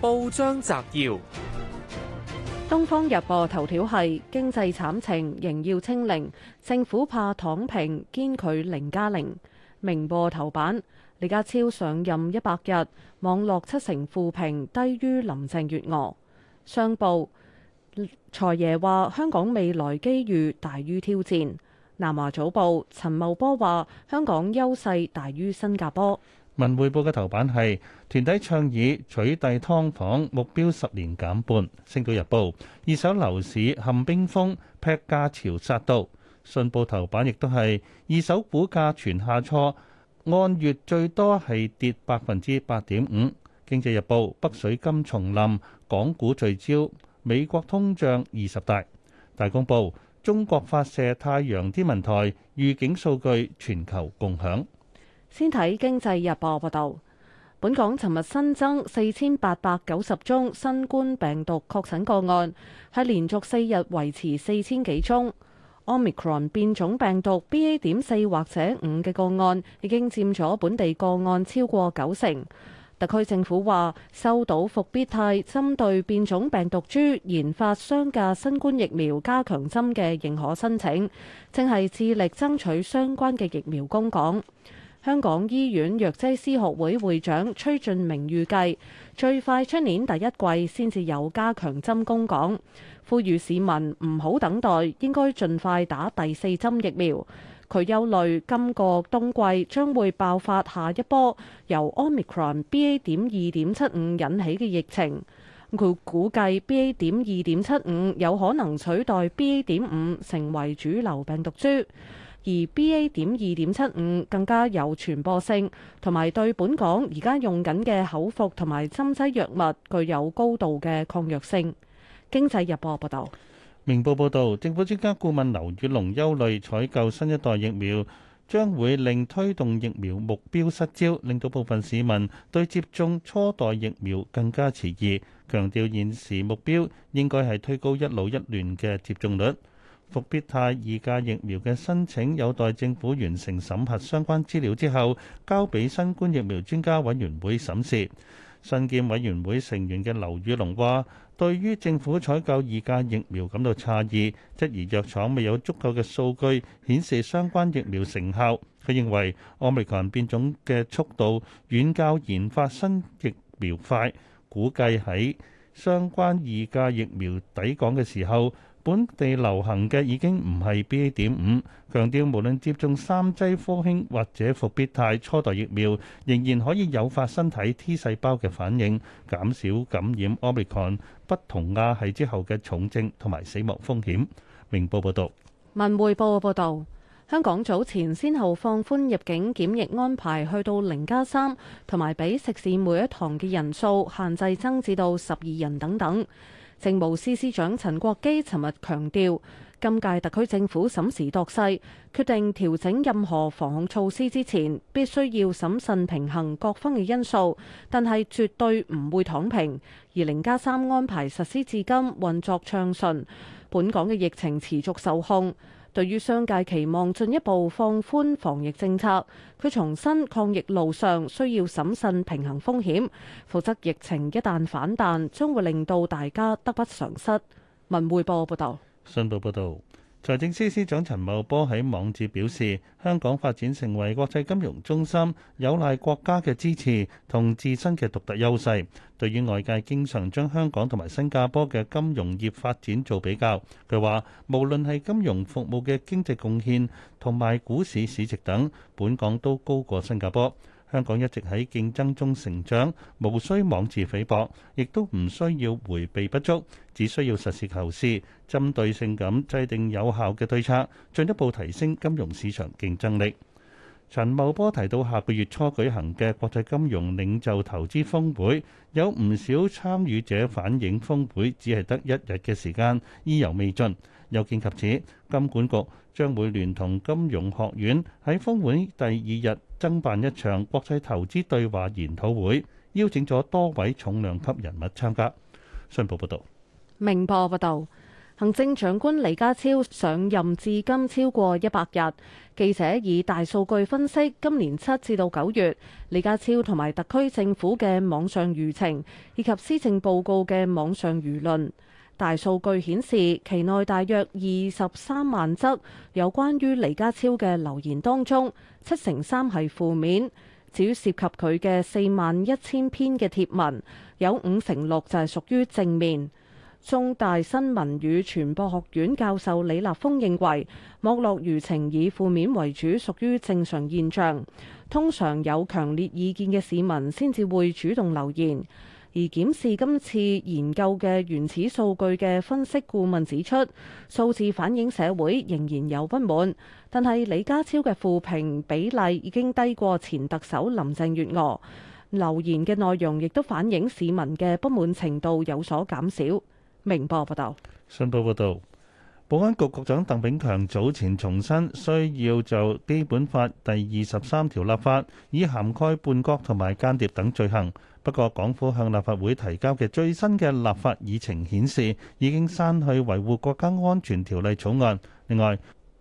報章摘要：《東方日報》頭條係經濟慘情仍要清零，政府怕躺平，堅拒零加零。《明報》頭版：李家超上任一百日，網絡七成負評，低於林鄭月娥。《商報》財爺話香港未來機遇大於挑戰。《南華早報》陳茂波話香港優勢大於新加坡。文匯報嘅頭版係團體倡議取締劏房，目標十年減半。星島日報，二手樓市陷冰封，劈價潮殺到。信報頭版亦都係二手股價全下挫，按月最多係跌百分之八點五。經濟日報，北水今重臨，港股聚焦美國通脹二十大。大公報，中國發射太陽天文台，預警數據全球共享。先睇《經濟日報》報道，本港尋日新增四千八百九十宗新冠病毒確診個案，係連續四日維持四千幾宗。Omicron 變種病毒 BA 點四或者五嘅個案已經佔咗本地個案超過九成。特區政府話收到復必泰針對變種病毒株研發嘅雙價新冠疫苗加強針嘅認可申請，正係致力爭取相關嘅疫苗供港。香港醫院藥劑師學會會長崔俊明預計，最快出年第一季先至有加強針供港。呼籲市民唔好等待，應該盡快打第四針疫苗。佢憂慮今個冬季將會爆發下一波由 Omicron BA 點二點七五引起嘅疫情。佢估計 BA 點二點七五有可能取代 BA 點五成為主流病毒株。而 BA. 點二點七五更加有傳播性，同埋對本港而家用緊嘅口服同埋針劑藥物具有高度嘅抗藥性。經濟日報報道，明報報道，政府專家顧問劉宇龍憂慮採購新一代疫苗將會令推動疫苗目標失焦，令到部分市民對接種初代疫苗更加遲疑。強調現時目標應該，係推高一老一聯嘅接種率。復必泰二價疫苗嘅申請有待政府完成審核相關資料之後，交俾新冠疫苗專家委員會審視。新建委員會成員嘅劉宇龍話：對於政府採購二價疫苗感到詫異，質疑藥廠未有足夠嘅數據顯示相關疫苗成效。佢認為，奧密克戎變種嘅速度遠較研發新疫苗快，估計喺相關二價疫苗抵港嘅時候。本地流行嘅已經唔係 BA. 點五，強調無論接種三劑科興或者復必泰初代疫苗，仍然可以誘發身體 T 細胞嘅反應，減少感染 Omicron 不同亞系之後嘅重症同埋死亡風險。明報報導，文匯報嘅報導，香港早前先後放寬入境檢疫安排，去到零加三，同埋俾食肆每一堂嘅人數限制增至到十二人等等。政務司司長陳國基尋日強調，今屆特區政府審時度勢，決定調整任何防控措施之前，必須要審慎平衡各方嘅因素，但係絕對唔會躺平。而零加三安排實施至今運作暢順，本港嘅疫情持續受控。對於商界期望進一步放寬防疫政策，佢重申抗疫路上需要審慎平衡風險，否則疫情一旦反彈，將會令到大家得不償失。文匯報報導，信報報道。報」財政司司長陳茂波喺網誌表示，香港發展成為國際金融中心，有賴國家嘅支持同自身嘅獨特優勢。對於外界經常將香港同埋新加坡嘅金融業發展做比較，佢話無論係金融服務嘅經濟貢獻，同埋股市市值等，本港都高過新加坡。香港一直喺競爭中成長，無需妄自菲薄，亦都唔需要回避不足，只需要實事求是、針對性咁制定有效嘅對策，進一步提升金融市場競爭力。陳茂波提到，下個月初舉行嘅國際金融領袖投資峰會，有唔少參與者反映，峰會只係得一日嘅時間，意猶未盡。有見及此，金管局將會聯同金融學院喺峰會第二日增辦一場國際投資對話研討會，邀請咗多位重量級人物參加。信報報道：「明報報道。」行政長官李家超上任至今超過一百日，記者以大數據分析今年七至到九月李家超同埋特區政府嘅網上輿情以及施政報告嘅網上輿論。大數據顯示，期內大約二十三萬則有關於李家超嘅留言當中，七成三係負面。至於涉及佢嘅四萬一千篇嘅貼文，有五成六就係屬於正面。中大新聞與傳播學院教授李立峰認為，網絡輿情以負面為主，屬於正常現象。通常有強烈意見嘅市民先至會主動留言。而檢視今次研究嘅原始數據嘅分析顧問指出，數字反映社會仍然有不滿，但係李家超嘅負評比例已經低過前特首林鄭月娥，留言嘅內容亦都反映市民嘅不滿程度有所減少。明報報導，信報報導，保安局局長鄧炳強早前重申，需要就《基本法》第二十三條立法，以涵蓋叛國同埋間諜等罪行。不過，港府向立法會提交嘅最新嘅立法議程顯示，已經刪去《維護國家安全條例》草案。另外，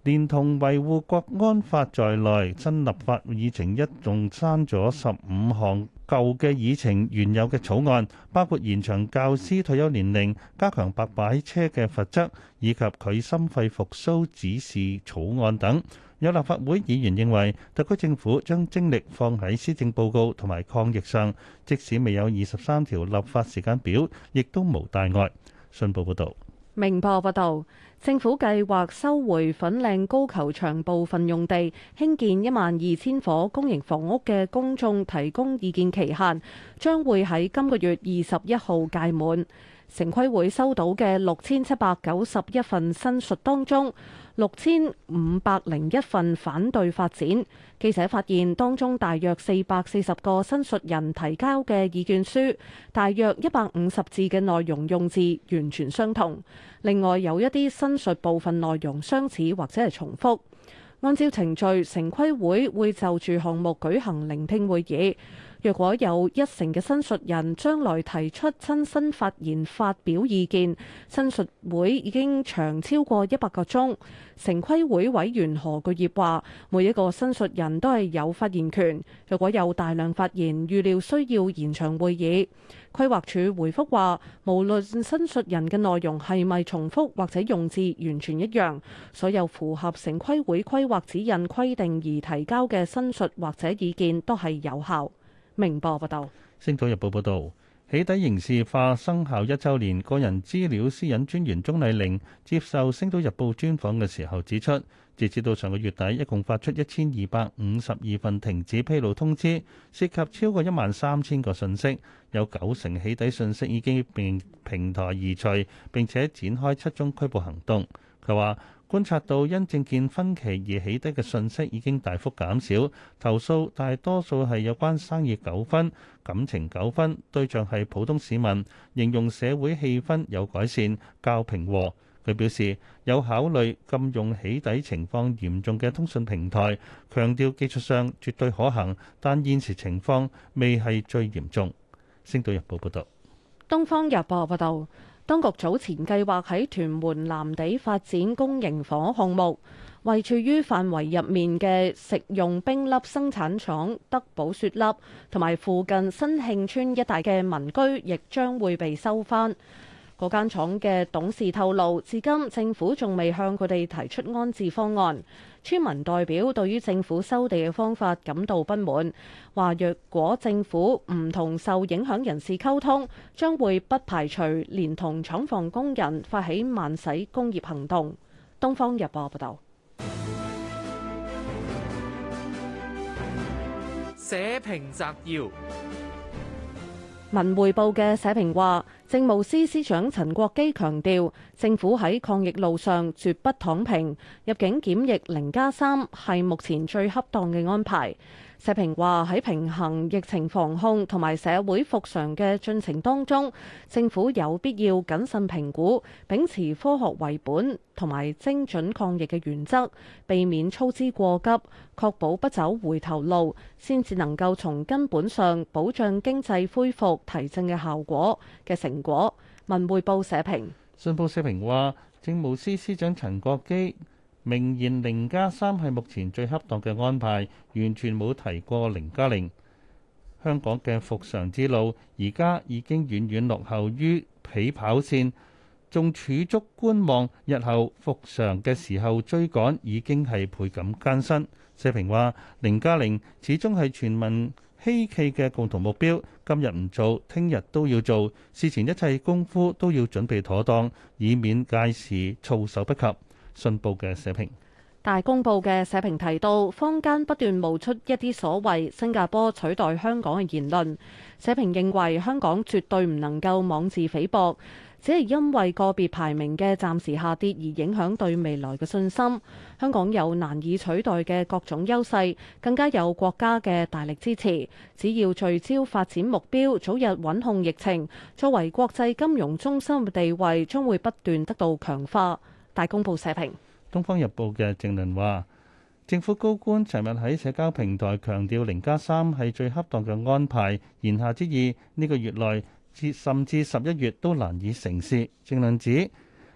連同維護國安法在內，新立法議程一共刪咗十五項舊嘅議程、原有嘅草案，包括延長教師退休年齡、加強白牌車嘅罰則以及佢心肺復甦指示草案等。有立法會議員認為，特區政府將精力放喺施政報告同埋抗疫上，即使未有二十三條立法時間表，亦都無大礙。信報報導。明報報道，政府計劃收回粉嶺高球場部分用地，興建一萬二千伙公營房屋嘅公眾提供意見期限將會喺今個月二十一號屆滿。城規會收到嘅六千七百九十一份申述當中，六千五百零一份反對發展，記者發現當中大約四百四十個申述人提交嘅意見書，大約一百五十字嘅內容用字完全相同。另外有一啲申述部分內容相似或者係重複。按照程序，城規會會就住項目舉行聆聽會議。若果有一成嘅申述人將來提出親身發言發表意見，申述會已經長超過一百個鐘。城規會委員何巨業話：每一個申述人都係有發言權。若果有大量發言，預料需要延長會議。規劃署回覆話：無論申述人嘅內容係咪重複或者用字完全一樣，所有符合城規會規劃指引規定而提交嘅申述或者意見都係有效。明報報導，《星島日報》報道，起底刑事化生效一週年，個人資料私隱專員鍾麗玲接受《星島日報》專訪嘅時候指出，截至到上個月底，一共發出一千二百五十二份停止披露通知，涉及超過一萬三千個信息，有九成起底信息已經被平台移除，並且展開七宗拘捕行動。佢話。觀察到因政見分歧而起底嘅訊息已經大幅減少，投訴大多數係有關生意糾紛、感情糾紛，對象係普通市民。形容社會氣氛有改善，較平和。佢表示有考慮禁用起底情況嚴重嘅通訊平台，強調技術上絕對可行，但現時情況未係最嚴重。星島日報報道。東方日報報道。當局早前計劃喺屯門藍地發展公營房屋項目，位處於範圍入面嘅食用冰粒生產廠德寶雪粒，同埋附近新興村一帶嘅民居，亦將會被收翻。嗰間廠嘅董事透露，至今政府仲未向佢哋提出安置方案。村民代表對於政府收地嘅方法感到不滿，話若果政府唔同受影響人士溝通，將會不排除連同廠房工人發起慢駛工業行動。《東方日報》報道：社評摘要。文匯報嘅社評話，政務司司長陳國基強調，政府喺抗疫路上絕不躺平，入境檢疫零加三係目前最恰當嘅安排。社評話，喺平衡疫情防控同埋社會復常嘅進程當中，政府有必要謹慎評估，秉持科學為本同埋精準抗疫嘅原則，避免操之過急，確保不走回頭路，先至能夠從根本上保障經濟恢復提振嘅效果嘅成果。文匯報社評。信報社評話，政務司司長陳國基明言零加三係目前最恰當嘅安排，完全冇提過零加零。香港嘅復常之路而家已經遠遠落後於起跑線，仲儲足觀望，日後復常嘅時候追趕已經係倍感艱辛。社評話：零加零始終係全民希冀嘅共同目標，今日唔做，聽日都要做，事前一切功夫都要準備妥當，以免屆時措手不及。信報嘅社評。大公報嘅社評提到，坊間不斷冒出一啲所謂新加坡取代香港嘅言論。社評認為香港絕對唔能夠妄自菲薄，只係因為個別排名嘅暫時下跌而影響對未來嘅信心。香港有難以取代嘅各種優勢，更加有國家嘅大力支持。只要聚焦發展目標，早日穩控疫情，作為國際金融中心嘅地位將會不斷得到強化。大公報社評，《東方日報》嘅正論話：政府高官尋日喺社交平台強調零加三係最恰當嘅安排，言下之意，呢個月內至甚至十一月都難以成事。正論指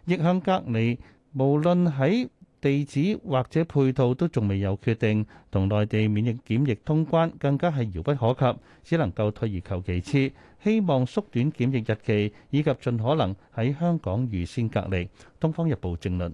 逆向隔離無論喺地址或者配套都仲未有決定，同內地免疫檢疫通關更加係遙不可及，只能夠退而求其次，希望縮短檢疫日期以及盡可能喺香港預先隔離，東方日報政論。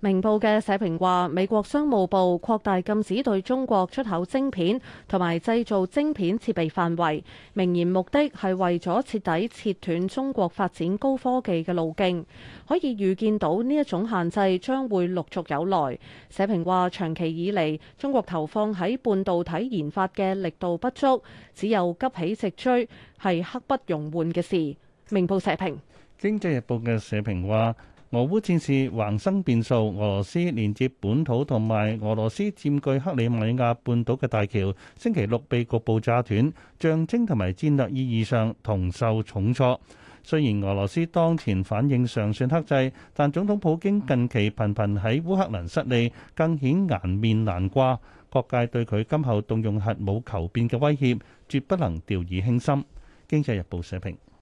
明報嘅社評話，美國商務部擴大禁止對中國出口晶片同埋製造晶片設備範圍，明言目的係為咗徹底切斷中國發展高科技嘅路徑。可以預見到呢一種限制將會陸續有來。社評話，長期以嚟中國投放喺半導體研發嘅力度不足，只有急起直追，係刻不容緩嘅事。明報社評。經濟日報嘅社評話。俄烏戰事橫生變數，俄羅斯連接本土同埋俄羅斯佔據克里米亞半島嘅大橋，星期六被局部炸斷，象徵同埋戰略意義上同受重挫。雖然俄羅斯當前反應尚算克制，但總統普京近期頻頻喺烏克蘭失利，更顯顏面難掛。各界對佢今後動用核武求變嘅威脅，絕不能掉以輕心。經濟日報社評。